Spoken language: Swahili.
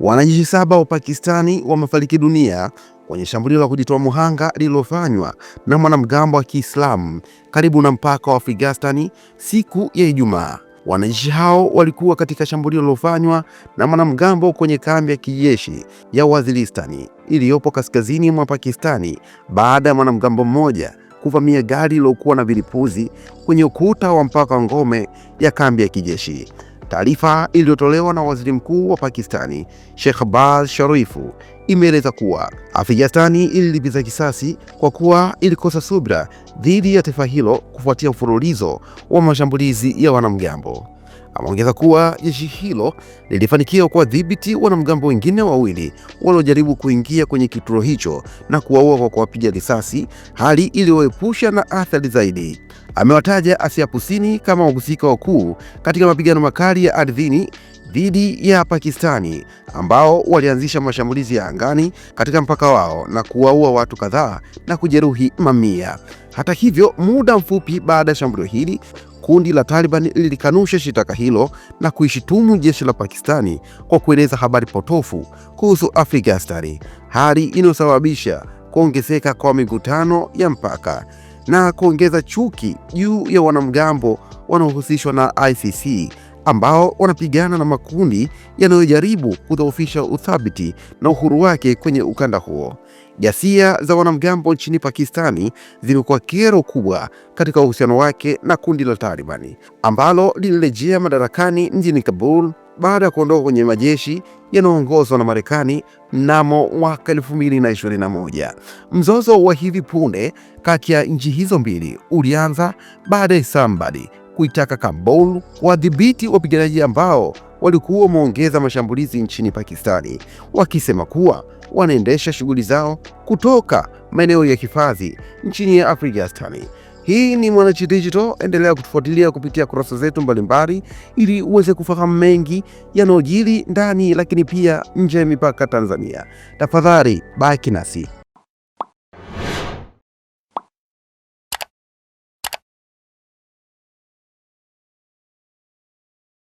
Wanajeshi saba wa Pakistani wamefariki dunia kwenye shambulio la kujitoa muhanga lililofanywa na mwanamgambo wa Kiislamu karibu na mpaka wa Afghanistan siku ya Ijumaa. Wanajeshi hao walikuwa katika shambulio lililofanywa na mwanamgambo kwenye kambi ya kijeshi ya Waziristan iliyopo kaskazini mwa Pakistani baada ya mwanamgambo mmoja kuvamia gari lilokuwa na vilipuzi kwenye ukuta wa mpaka wa ngome ya kambi ya kijeshi. Taarifa iliyotolewa na waziri mkuu wa Pakistani Sheikh baz Sharifu imeeleza kuwa Afghanistani ililipiza kisasi kwa kuwa ilikosa subira dhidi ya taifa hilo kufuatia mfululizo wa mashambulizi ya wanamgambo ameongeza kuwa jeshi hilo lilifanikiwa kuwadhibiti wanamgambo wengine wawili waliojaribu kuingia kwenye kituo hicho na kuwaua kwa kuwapiga risasi, hali iliyoepusha na athari zaidi. Amewataja Asia Kusini kama wahusika wakuu katika mapigano makali ya ardhini dhidi ya Pakistani ambao walianzisha mashambulizi ya angani katika mpaka wao na kuwaua watu kadhaa na kujeruhi mamia. Hata hivyo, muda mfupi baada ya shambulio hili, Kundi la Taliban lilikanusha shitaka hilo na kuishitumu jeshi la Pakistani kwa kueneza habari potofu kuhusu Afrika Stari, hali inayosababisha kuongezeka kwa mivutano ya mpaka na kuongeza chuki juu ya wanamgambo wanaohusishwa na ICC ambao wanapigana na makundi yanayojaribu kudhoofisha uthabiti na uhuru wake kwenye ukanda huo. Ghasia za wanamgambo nchini Pakistani zimekuwa kero kubwa katika uhusiano wake na kundi la Talibani ambalo lilirejea madarakani mjini Kabul baada ya kuondoka kwenye majeshi yanayoongozwa na Marekani mnamo mwaka 2021. Mzozo wa hivi punde kati ya nchi hizo mbili ulianza baada ya Islamabad kuitaka Kabul wadhibiti wapiganaji ambao walikuwa wameongeza mashambulizi nchini Pakistani, wakisema kuwa wanaendesha shughuli zao kutoka maeneo ya hifadhi nchini ya Afghanistan. Hii ni Mwananchi Digital, endelea kutufuatilia kupitia kurasa zetu mbalimbali ili uweze kufahamu mengi yanayojiri ndani, lakini pia nje ya mipaka Tanzania. Tafadhali baki nasi.